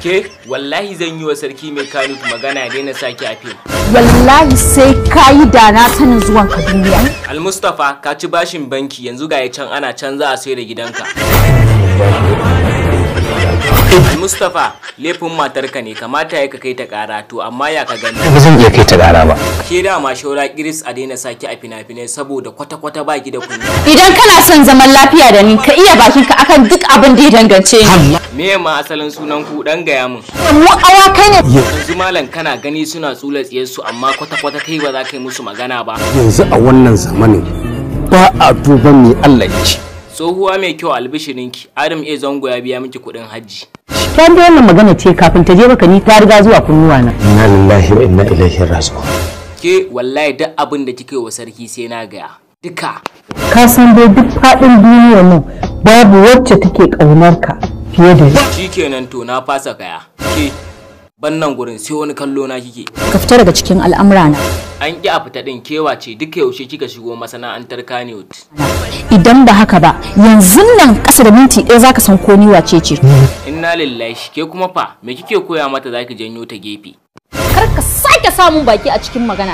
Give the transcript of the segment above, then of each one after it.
Ke wallahi zan yi wa sarki mai kanu magana dai na saki a fim. Wallahi sai ka yi da na sanin zuwan ka duniya. Almustafa ka ci bashin banki yanzu ga ya can ana canza a sai da gidanka. Mustapha laifin matar ka ne kamata ya ka kai ta kara to amma ya ka gani. Ba zan iya kai ta kara ba. Ke da ma shaura a daina saki a fina-finai saboda kwata-kwata ba ki da kunya. Idan kana son zaman lafiya da ni ka iya bakin ka akan duk abin da ya dangance ni. Me ma asalin sunan ku dan gaya min. Mu awa kai Yanzu malam kana gani suna tsula tsiyar su amma kwata-kwata kai ba za ka yi musu magana ba. Yanzu a wannan zamanin ba a duban me Allah ya ce. Tsohuwa mai kyau albishirinki, Adam A zango ya biya miki kuɗin hajji. Kyan da wannan magana ce kafin ta je baka ni ta riga zuwa kunnuwa na. Inna lillahi wa inna ilaihi raji'un. Ke wallahi duk abin da kike wa sarki sai na gaya. Duka. Ka san dai duk faɗin duniyar mu babu wacce take ƙaunar ka fiye da shi kenan to na fasa kaya. Ke ban gurin sai wani kallo na kike ka fita daga cikin al'amura na an ki a fita din kewa ce duk yaushe kika shigo masana'antar kaniwood idan ba haka ba yanzu nan kasa da minti ɗaya zaka san ko ni wace ce inna lillahi ke kuma fa me kike koya mata zaki janyo ta gefe kar ka sake samun baki a cikin magana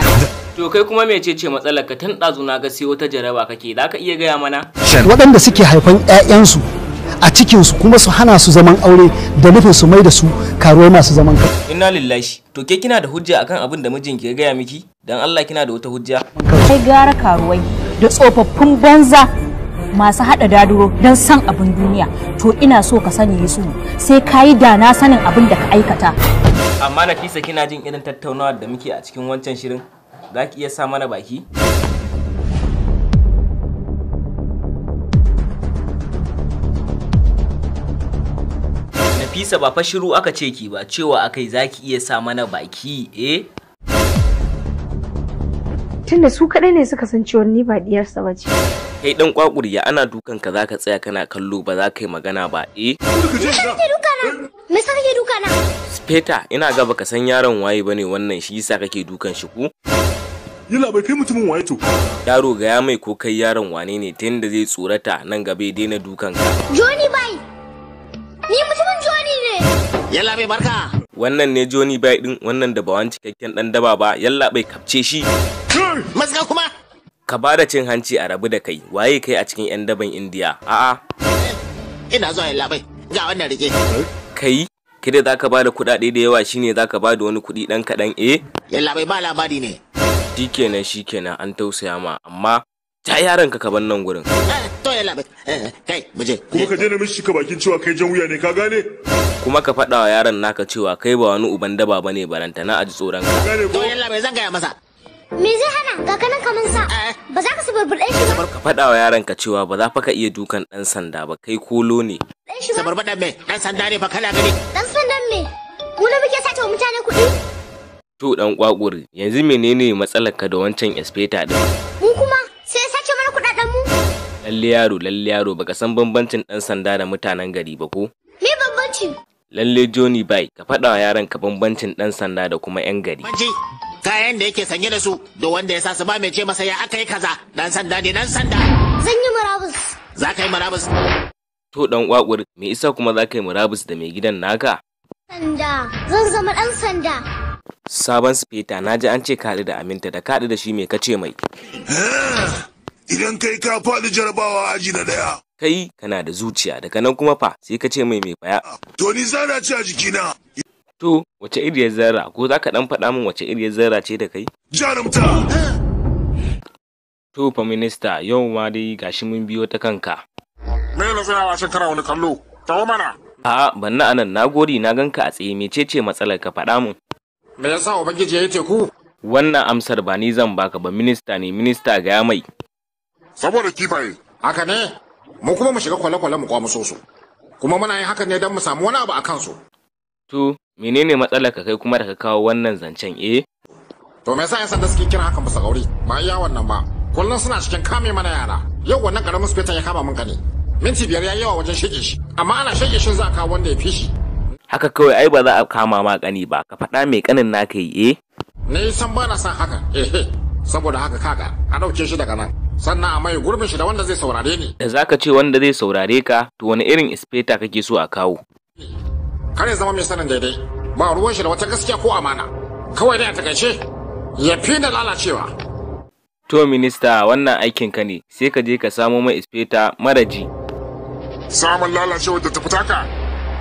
To kai kuma mecece matsalar ka tun ɗazu na ga sai wata jaraba kake zaka iya gaya mana? Waɗanda suke haifan 'ya'yansu a cikinsu kuma su hana su zaman aure da nufin su mai da su karuwai masu zaman kai. Ina lillahi to ke kina da hujja akan abin da mijinki ya gaya miki dan Allah kina da wata hujja. Kai gara karuwai da tsofaffin banza masu haɗa daduro don san abin duniya to ina so ka sani su sai ka yi da na sanin abin da ka aikata. Amma Nafisa kina jin irin tattaunawar da muke a cikin wancan shirin za ki iya sa mana baki? Nafisa ba fa shiru aka ce ki ba cewa akai zaki iya sa mana baki eh tunda su kadai ne suka san cewa ni ba diyarsa ba ce kai dan kwakuriya ana dukan ka zaka tsaya kana kallo ba za ka yi magana ba eh me sa kake duka na speta ina ga baka san yaron waye bane wannan shi yasa kake dukan shi ku yalla bai kai mutumin waye to yaro ga ya mai ko kai yaron wane ne tunda zai tsorata nan gaba ya daina dukan ka Yalla bai barka. Wannan ne Joni Bai din wannan da bawan cikakken dan daba ba yalla bai kapce shi. Maska kuma. Ka bada cin hanci a rabu da kai waye kai a cikin yan daban Indiya a'a. Ina zuwa yalla bai ga wannan rike. Kai kida za ka bada kuɗaɗe da yawa shine za ka bada wani kuɗi ɗan kaɗan eh? Yalla bai ba labari ne. Shikenan shikenan an tausaya ma amma ta yaranka ka bar nan gurin. yalla eh, eh, kai muje kuma ka je na mishi ka bakin cewa kai jan wuya ne ka gane kuma ka faɗa wa yaron naka cewa kai ba wani uban daba bane baranta na aji tsoron ka to yalla bai zan gaya masa me zai hana gaganan kaman sa eh, ba za ka su burburɗe shi ba ka faɗa wa yaron ka cewa ba za fa ka iya dukan ɗan sanda ba kai kolo ne sabarbaɗan me ɗan sanda ne fa kana gani ɗan sanda me mu muke sace wa mutane kuɗi to dan kwakuri yanzu menene matsalar ka da wancan espeta din mu kuma Lalle yaro, lalle yaro, baka san bambancin ɗan sanda da mutanen gari ba ko? Me bambanci. Lalle Joni Bai, ka faɗa wa yaran ka bambancin ɗan sanda da kuma 'yan gari. bambanci kayan da yake sanye da su, da wanda ya sa su ba mai ce masa ya aka yi kaza, ɗan sanda ne ɗan sanda. Zan yi murabus. Za ka yi murabus. To dan wakur me isa kuma za ka yi murabus da mai gidan naka? Sanda, zan zama ɗan sanda. Sabon speta, na ji an ce kaɗu da aminta da kaɗu da shi me kace mai. idan kai ka faɗi jarabawa aji na ɗaya. Kai kana da zuciya daga nan kuma fa sai ka ce mai mai faya. To ni zara ce a jikina. To wace iriyar zara ko za ka ɗan faɗa min wace iriyar zara ce da kai? Jarumta. To fa minista yau ma dai gashi mun biyo ta kanka. Me na tsaya wasan kara wani kallo? Tawo mana. A banna anan na gori na ganka a tsaye mecece matsalar ka faɗa min. Me yasa ubangiji ya yi teku? Wannan amsar ba ni zan baka ba minista ne minista ga mai. saboda kifaye haka ne mu kuma mu shiga kwale-kwale mu kwamuso su kuma muna yin hakan ne don mu samu wani abu a kansu to menene matsalar ka kai kuma da ka kawo wannan zancen eh to me yasa yasa da suke kira hakan bisa gauri ba iya wannan ba kullum suna cikin kame mana yara yau wannan karamin sufeta ya kama mun ne. minti biyar ya yawa wajen shige shi amma ana shige shin za a kawo wanda ya fi shi haka kawai ai ba za a kama ma kani ba ka faɗa mai kanin naka yi eh ne san ba na san haka eh, eh saboda haka kaga a ɗauke shi daga nan sannan a mai gurbin shi da wanda zai saurare ni da za ka ce wanda zai saurare ka to wani irin ispeta kake so a kawo kare zama mai sanin daidai ba ruwan shi da wata gaskiya ko amana kawai dai a takaice ya fi da lalacewa to minista wannan aikin ka ne sai ka je ka samo mai ispeta maraji samun lalacewa da tafi taka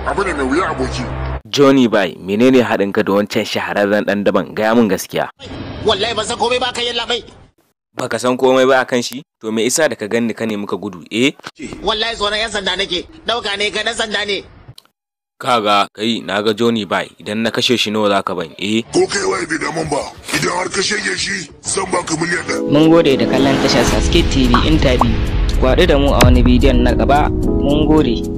abu ne mai wuya aboki Johnny Bai menene haɗin ka da wancan shahararren ɗan daban gaya mun gaskiya. Wallahi ban san komai ba ka yin labai. baka san komai ba akan shi to me isa da ka gani ka nemi ka gudu eh wallahi tsoron yan sanda nake dauka ne ka dan sanda ne kaga kai na ga Johnny Bai idan na kashe shi nawa zaka bani eh ko kai wai bai da mun ba idan har ka shege shi zan baka miliyan da mun gode da kallon tashar Sasuke TV interview ku da mu a wani bidiyon na gaba mun gode